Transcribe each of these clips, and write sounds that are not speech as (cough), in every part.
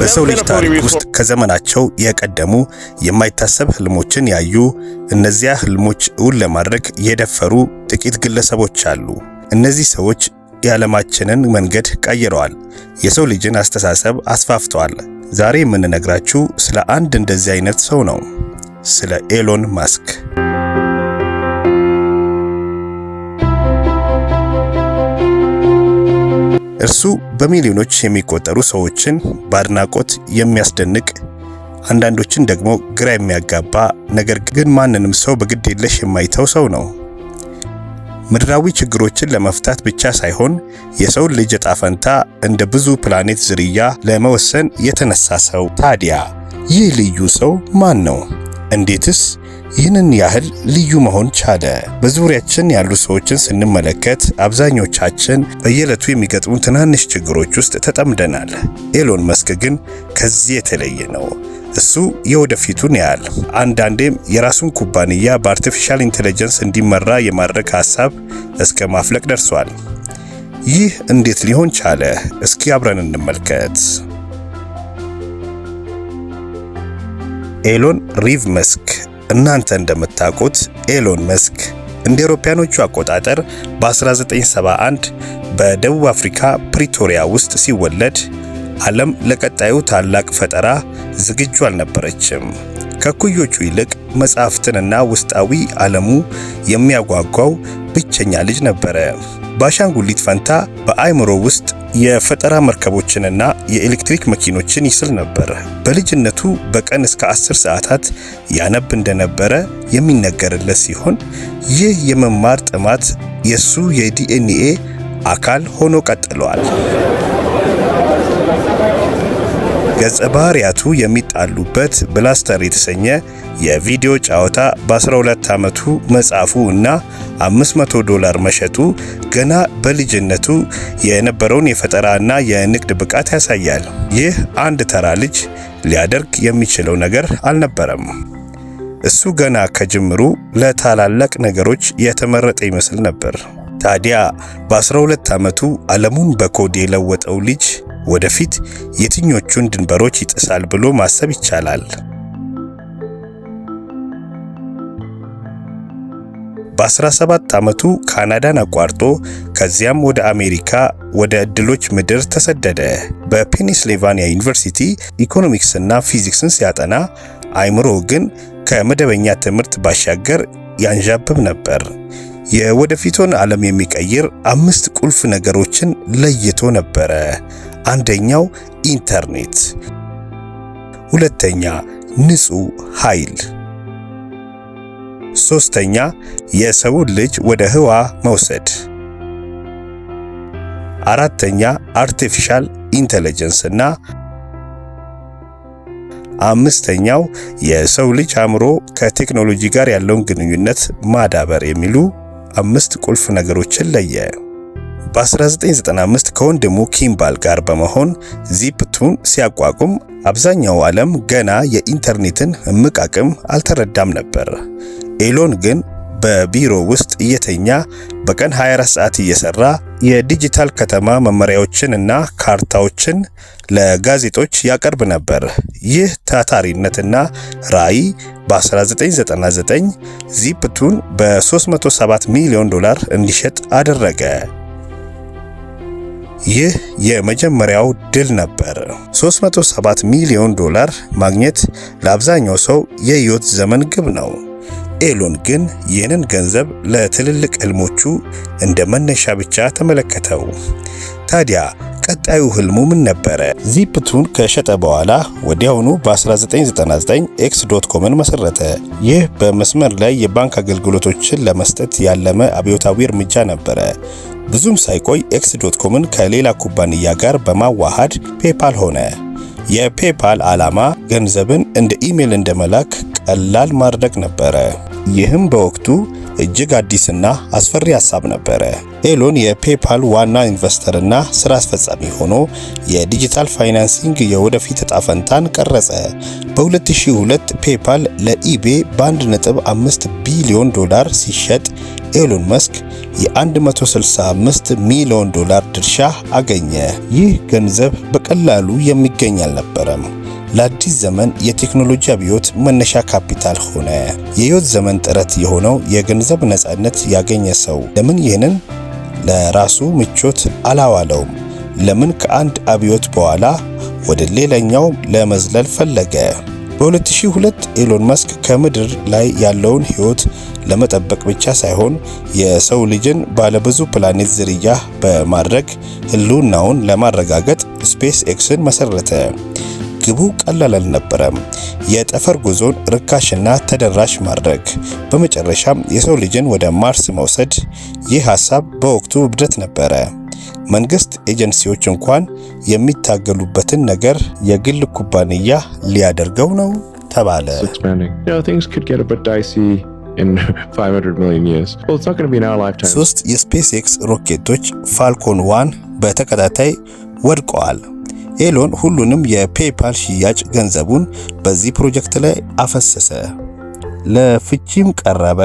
በሰው ልጅ ታሪክ ውስጥ ከዘመናቸው የቀደሙ የማይታሰብ ህልሞችን ያዩ፣ እነዚያ ህልሞች እውን ለማድረግ የደፈሩ ጥቂት ግለሰቦች አሉ። እነዚህ ሰዎች የዓለማችንን መንገድ ቀይረዋል። የሰው ልጅን አስተሳሰብ አስፋፍተዋል። ዛሬ የምንነግራችሁ ስለ አንድ እንደዚህ አይነት ሰው ነው፣ ስለ ኤሎን ማስክ እርሱ በሚሊዮኖች የሚቆጠሩ ሰዎችን በአድናቆት የሚያስደንቅ አንዳንዶችን ደግሞ ግራ የሚያጋባ ነገር ግን ማንንም ሰው በግድ የለሽ የማይተው ሰው ነው። ምድራዊ ችግሮችን ለመፍታት ብቻ ሳይሆን የሰውን ልጅ ዕጣ ፈንታ እንደ ብዙ ፕላኔት ዝርያ ለመወሰን የተነሳ ሰው። ታዲያ ይህ ልዩ ሰው ማን ነው? እንዴትስ ይህንን ያህል ልዩ መሆን ቻለ። በዙሪያችን ያሉ ሰዎችን ስንመለከት አብዛኞቻችን በየዕለቱ የሚገጥሙ ትናንሽ ችግሮች ውስጥ ተጠምደናል። ኤሎን መስክ ግን ከዚህ የተለየ ነው። እሱ የወደፊቱን ያህል አንዳንዴም የራሱን ኩባንያ በአርቲፊሻል ኢንቴሊጀንስ እንዲመራ የማድረግ ሐሳብ እስከ ማፍለቅ ደርሷል። ይህ እንዴት ሊሆን ቻለ? እስኪ አብረን እንመልከት። ኤሎን ሪቭ መስክ እናንተ እንደምታውቁት ኤሎን መስክ እንደ አውሮፓውያኖቹ አቆጣጠር በ1971 በደቡብ አፍሪካ ፕሪቶሪያ ውስጥ ሲወለድ ዓለም ለቀጣዩ ታላቅ ፈጠራ ዝግጁ አልነበረችም። ከኩዮቹ ይልቅ መጽሐፍትንና ውስጣዊ ዓለሙ የሚያጓጓው ብቸኛ ልጅ ነበረ። በአሻንጉሊት ፈንታ በአእምሮ ውስጥ የፈጠራ መርከቦችንና የኤሌክትሪክ መኪኖችን ይስል ነበር። በልጅነቱ በቀን እስከ 10 ሰዓታት ያነብ እንደነበረ የሚነገርለት ሲሆን ይህ የመማር ጥማት የሱ የዲኤንኤ አካል ሆኖ ቀጥሏል። ገጸ ባህሪያቱ የሚጣሉበት ብላስተር የተሰኘ የቪዲዮ ጨዋታ በ12 ዓመቱ መጻፉ እና 500 ዶላር መሸጡ ገና በልጅነቱ የነበረውን የፈጠራና የንግድ ብቃት ያሳያል። ይህ አንድ ተራ ልጅ ሊያደርግ የሚችለው ነገር አልነበረም። እሱ ገና ከጅምሩ ለታላላቅ ነገሮች የተመረጠ ይመስል ነበር። ታዲያ በ12 ዓመቱ ዓለሙን በኮድ የለወጠው ልጅ ወደፊት የትኞቹን ድንበሮች ይጥሳል ብሎ ማሰብ ይቻላል? በ17 ዓመቱ ካናዳን አቋርጦ ከዚያም ወደ አሜሪካ ወደ ዕድሎች ምድር ተሰደደ። በፔንስሌቫኒያ ዩኒቨርሲቲ ኢኮኖሚክስና ፊዚክስን ሲያጠና አይምሮ ግን ከመደበኛ ትምህርት ባሻገር ያንዣብብ ነበር። የወደፊቱን ዓለም የሚቀይር አምስት ቁልፍ ነገሮችን ለይቶ ነበረ። አንደኛው ኢንተርኔት፣ ሁለተኛ ንጹህ ኃይል ሶስተኛ የሰውን ልጅ ወደ ህዋ መውሰድ፣ አራተኛ አርቲፊሻል ኢንተለጀንስ እና አምስተኛው የሰው ልጅ አእምሮ ከቴክኖሎጂ ጋር ያለውን ግንኙነት ማዳበር የሚሉ አምስት ቁልፍ ነገሮችን ለየ። በ1995 ከወንድሙ ኪምባል ጋር በመሆን ዚፕቱን ሲያቋቁም አብዛኛው ዓለም ገና የኢንተርኔትን እምቅ አቅም አልተረዳም ነበር። ኤሎን ግን በቢሮ ውስጥ እየተኛ በቀን 24 ሰዓት እየሰራ የዲጂታል ከተማ መመሪያዎችን እና ካርታዎችን ለጋዜጦች ያቀርብ ነበር። ይህ ታታሪነትና ራዕይ በ1999 ዚፕቱን በ307 ሚሊዮን ዶላር እንዲሸጥ አደረገ። ይህ የመጀመሪያው ድል ነበር። 307 ሚሊዮን ዶላር ማግኘት ለአብዛኛው ሰው የህይወት ዘመን ግብ ነው። ኤሎን ግን ይህንን ገንዘብ ለትልልቅ ህልሞቹ እንደ መነሻ ብቻ ተመለከተው። ታዲያ ቀጣዩ ህልሙ ምን ነበረ? ዚፕቱን ከሸጠ በኋላ ወዲያውኑ በ1999 ኤክስ ዶት ኮምን መሰረተ። ይህ በመስመር ላይ የባንክ አገልግሎቶችን ለመስጠት ያለመ አብዮታዊ እርምጃ ነበረ። ብዙም ሳይቆይ ኤክስ ዶት ኮምን ከሌላ ኩባንያ ጋር በማዋሃድ ፔፓል ሆነ። የፔፓል ዓላማ ገንዘብን እንደ ኢሜይል እንደመላክ ቀላል ማድረግ ነበረ። ይህም በወቅቱ እጅግ አዲስና አስፈሪ ሀሳብ ነበረ። ኤሎን የፔፓል ዋና ኢንቨስተርና ስራ አስፈጻሚ ሆኖ የዲጂታል ፋይናንሲንግ የወደፊት እጣ ፈንታን ቀረጸ። በ2002 ፔፓል ለኢቤ በ1.5 ቢሊዮን ዶላር ሲሸጥ ኤሎን መስክ የ165 ሚሊዮን ዶላር ድርሻ አገኘ። ይህ ገንዘብ በቀላሉ የሚገኝ አልነበረም። ለአዲስ ዘመን የቴክኖሎጂ አብዮት መነሻ ካፒታል ሆነ። የህይወት ዘመን ጥረት የሆነው የገንዘብ ነፃነት ያገኘ ሰው ለምን ይህንን ለራሱ ምቾት አላዋለውም? ለምን ከአንድ አብዮት በኋላ ወደ ሌላኛው ለመዝለል ፈለገ? በ2002 ኤሎን መስክ ከምድር ላይ ያለውን ህይወት ለመጠበቅ ብቻ ሳይሆን የሰው ልጅን ባለብዙ ፕላኔት ዝርያ በማድረግ ህልውናውን ለማረጋገጥ ስፔስ ኤክስን መሰረተ። ግቡ ቀላል አልነበረም። የጠፈር ጉዞን ርካሽና ተደራሽ ማድረግ፣ በመጨረሻም የሰው ልጅን ወደ ማርስ መውሰድ፣ ይህ ሀሳብ በወቅቱ እብደት ነበረ። መንግስት ኤጀንሲዎች እንኳን የሚታገሉበትን ነገር የግል ኩባንያ ሊያደርገው ነው ተባለ። (laughs) ሶስት የስፔስ ኤክስ ሮኬቶች ፋልኮን ዋን በተከታታይ ወድቀዋል። ኤሎን ሁሉንም የፔፓል ሽያጭ ገንዘቡን በዚህ ፕሮጀክት ላይ አፈሰሰ። ለፍቺም ቀረበ።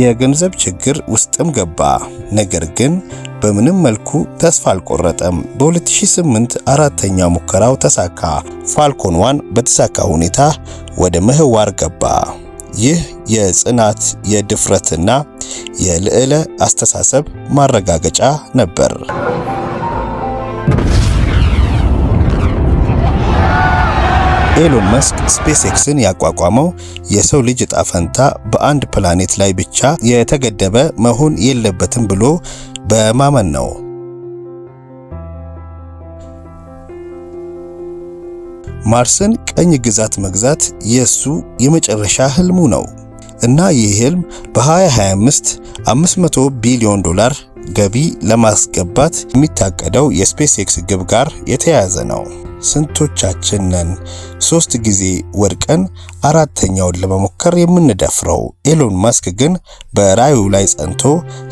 የገንዘብ ችግር ውስጥም ገባ። ነገር ግን በምንም መልኩ ተስፋ አልቆረጠም። በ2008 አራተኛ ሙከራው ተሳካ። ፋልኮን ዋን በተሳካ ሁኔታ ወደ ምህዋር ገባ። ይህ የጽናት የድፍረትና የልዕለ አስተሳሰብ ማረጋገጫ ነበር። ኤሎን መስክ ስፔስ ኤክስን ያቋቋመው የሰው ልጅ እጣ ፈንታ በአንድ ፕላኔት ላይ ብቻ የተገደበ መሆን የለበትም ብሎ በማመን ነው። ማርስን ቀኝ ግዛት መግዛት የሱ የመጨረሻ ህልሙ ነው እና ይህ ህልም በ2025 500 ቢሊዮን ዶላር ገቢ ለማስገባት የሚታቀደው የስፔስ ኤክስ ግብ ጋር የተያያዘ ነው። ስንቶቻችን ነን ሶስት ጊዜ ወድቀን አራተኛውን ለመሞከር የምንደፍረው? ኤሎን ማስክ ግን በራዩ ላይ ጸንቶ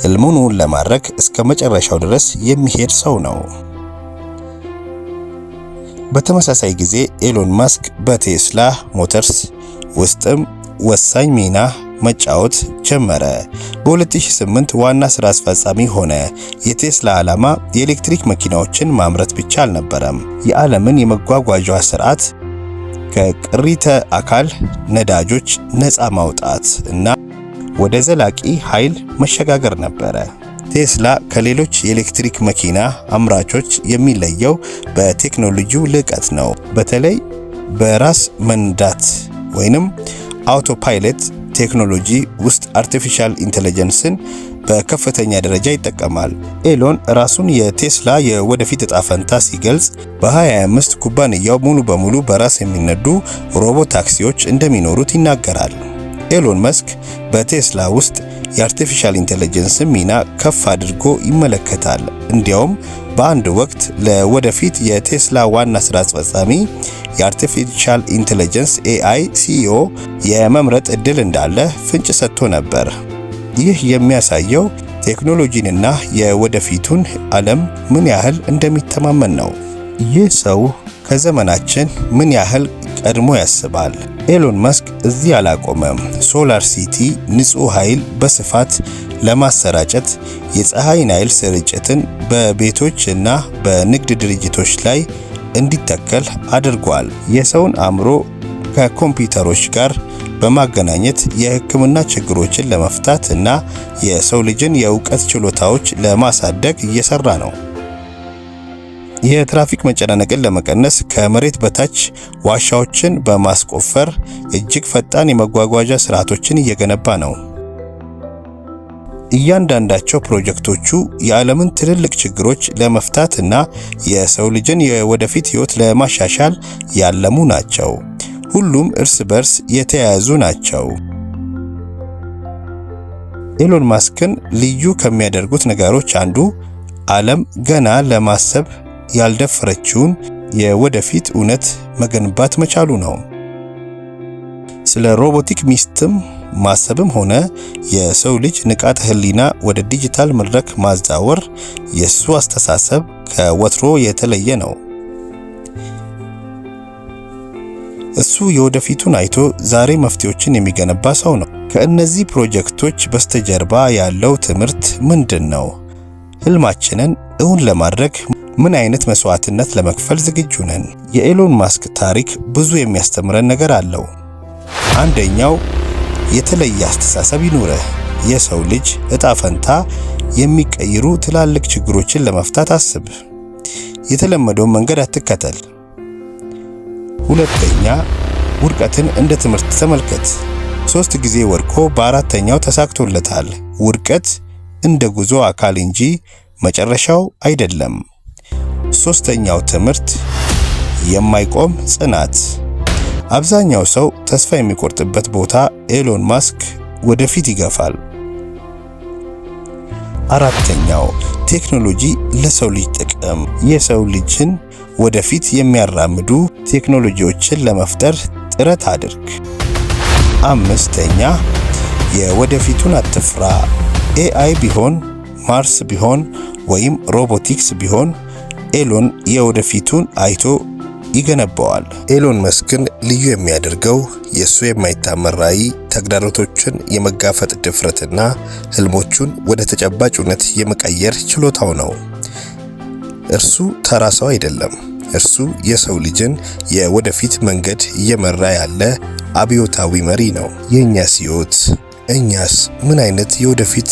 ህልሙን ለማድረግ እስከ መጨረሻው ድረስ የሚሄድ ሰው ነው። በተመሳሳይ ጊዜ ኤሎን ማስክ በቴስላ ሞተርስ ውስጥም ወሳኝ ሚና መጫወት ጀመረ። በ2008 ዋና ስራ አስፈጻሚ ሆነ። የቴስላ ዓላማ የኤሌክትሪክ መኪናዎችን ማምረት ብቻ አልነበረም፤ የዓለምን የመጓጓዣ ስርዓት ከቅሪተ አካል ነዳጆች ነፃ ማውጣት እና ወደ ዘላቂ ኃይል መሸጋገር ነበረ። ቴስላ ከሌሎች የኤሌክትሪክ መኪና አምራቾች የሚለየው በቴክኖሎጂው ልዕቀት ነው። በተለይ በራስ መንዳት ወይንም አውቶፓይለት ቴክኖሎጂ ውስጥ አርቲፊሻል ኢንተለጀንስን በከፍተኛ ደረጃ ይጠቀማል። ኤሎን ራሱን የቴስላ የወደፊት እጣ ፈንታ ሲገልጽ በ2025 ኩባንያው ሙሉ በሙሉ በራስ የሚነዱ ሮቦት ታክሲዎች እንደሚኖሩት ይናገራል። ኤሎን መስክ በቴስላ ውስጥ የአርቲፊሻል ኢንተለጀንስን ሚና ከፍ አድርጎ ይመለከታል። እንዲያውም በአንድ ወቅት ለወደፊት የቴስላ ዋና ስራ አስፈጻሚ የአርቲፊሻል ኢንቴሊጀንስ ኤአይ ሲኢኦ የመምረጥ እድል እንዳለ ፍንጭ ሰጥቶ ነበር። ይህ የሚያሳየው ቴክኖሎጂንና የወደፊቱን ዓለም ምን ያህል እንደሚተማመን ነው። ይህ ሰው ከዘመናችን ምን ያህል ቀድሞ ያስባል? ኤሎን መስክ እዚህ አላቆመም። ሶላር ሲቲ ንጹህ ኃይል በስፋት ለማሰራጨት የፀሐይን ኃይል ስርጭትን በቤቶች እና በንግድ ድርጅቶች ላይ እንዲተከል አድርጓል። የሰውን አእምሮ ከኮምፒውተሮች ጋር በማገናኘት የሕክምና ችግሮችን ለመፍታት እና የሰው ልጅን የእውቀት ችሎታዎች ለማሳደግ እየሰራ ነው። የትራፊክ መጨናነቅን ለመቀነስ ከመሬት በታች ዋሻዎችን በማስቆፈር እጅግ ፈጣን የመጓጓዣ ስርዓቶችን እየገነባ ነው። እያንዳንዳቸው ፕሮጀክቶቹ የዓለምን ትልልቅ ችግሮች ለመፍታት እና የሰው ልጅን የወደፊት ሕይወት ለማሻሻል ያለሙ ናቸው። ሁሉም እርስ በርስ የተያያዙ ናቸው። ኤሎን ማስክን ልዩ ከሚያደርጉት ነገሮች አንዱ ዓለም ገና ለማሰብ ያልደፈረችውን የወደፊት እውነት መገንባት መቻሉ ነው። ስለ ሮቦቲክ ሚስትም ማሰብም ሆነ የሰው ልጅ ንቃተ ህሊና ወደ ዲጂታል መድረክ ማዛወር የሱ አስተሳሰብ ከወትሮ የተለየ ነው። እሱ የወደፊቱን አይቶ ዛሬ መፍትሄዎችን የሚገነባ ሰው ነው። ከእነዚህ ፕሮጀክቶች በስተጀርባ ያለው ትምህርት ምንድን ነው? ህልማችንን እውን ለማድረግ ምን አይነት መስዋዕትነት ለመክፈል ዝግጁ ነን? የኤሎን ማስክ ታሪክ ብዙ የሚያስተምረን ነገር አለው። አንደኛው የተለየ አስተሳሰብ ይኑርህ። የሰው ልጅ እጣ ፈንታ የሚቀይሩ ትላልቅ ችግሮችን ለመፍታት አስብ። የተለመደውን መንገድ አትከተል። ሁለተኛ ውድቀትን እንደ ትምህርት ተመልከት። ሶስት ጊዜ ወድቆ በአራተኛው ተሳክቶለታል። ውድቀት እንደ ጉዞ አካል እንጂ መጨረሻው አይደለም። ሶስተኛው ትምህርት የማይቆም ጽናት። አብዛኛው ሰው ተስፋ የሚቆርጥበት ቦታ ኤሎን ማስክ ወደፊት ይገፋል። አራተኛው ቴክኖሎጂ ለሰው ልጅ ጥቅም። የሰው ልጅን ወደፊት የሚያራምዱ ቴክኖሎጂዎችን ለመፍጠር ጥረት አድርግ። አምስተኛ የወደፊቱን አትፍራ። ኤአይ ቢሆን ማርስ ቢሆን ወይም ሮቦቲክስ ቢሆን ኤሎን የወደፊቱን አይቶ ይገነባዋል። ኤሎን መስክን ልዩ የሚያደርገው የእሱ የማይታመን ራዕይ፣ ተግዳሮቶችን የመጋፈጥ ድፍረትና ህልሞቹን ወደ ተጨባጭነት የመቀየር ችሎታው ነው። እርሱ ተራ ሰው አይደለም። እርሱ የሰው ልጅን የወደፊት መንገድ እየመራ ያለ አብዮታዊ መሪ ነው። የእኛስ ህይወት? እኛስ ምን አይነት የወደፊት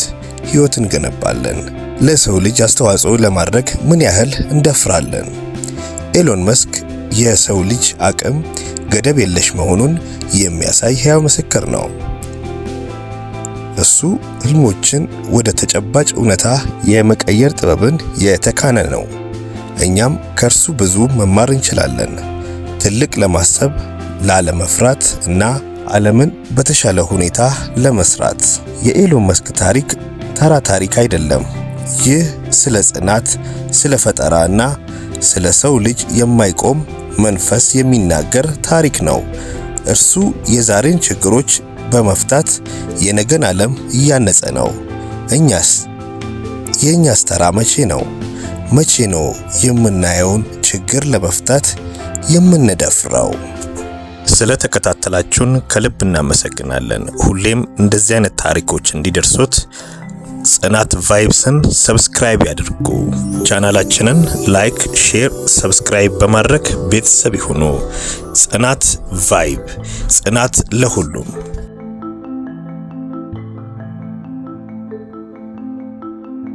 ህይወት እንገነባለን? ለሰው ልጅ አስተዋጽኦ ለማድረግ ምን ያህል እንደፍራለን? ኤሎን መስክ የሰው ልጅ አቅም ገደብ የለሽ መሆኑን የሚያሳይ ሕያው ምስክር ነው። እሱ ህልሞችን ወደ ተጨባጭ እውነታ የመቀየር ጥበብን የተካነ ነው። እኛም ከእርሱ ብዙ መማር እንችላለን። ትልቅ ለማሰብ፣ ላለመፍራት እና ዓለምን በተሻለ ሁኔታ ለመስራት። የኤሎን መስክ ታሪክ ተራ ታሪክ አይደለም። ይህ ስለ ጽናት፣ ስለ ፈጠራና ስለ ሰው ልጅ የማይቆም መንፈስ የሚናገር ታሪክ ነው። እርሱ የዛሬን ችግሮች በመፍታት የነገን ዓለም እያነጸ ነው። እኛስ የእኛስ ተራ መቼ ነው? መቼ ነው የምናየውን ችግር ለመፍታት የምንደፍረው? ስለ ተከታተላችሁን ከልብ እናመሰግናለን። ሁሌም እንደዚህ አይነት ታሪኮች እንዲደርሱት ጽናት ቫይብስን ሰብስክራይብ ያድርጉ። ቻናላችንን ላይክ፣ ሼር፣ ሰብስክራይብ በማድረግ ቤተሰብ ይሁኑ። ጽናት ቫይብ፣ ጽናት ለሁሉም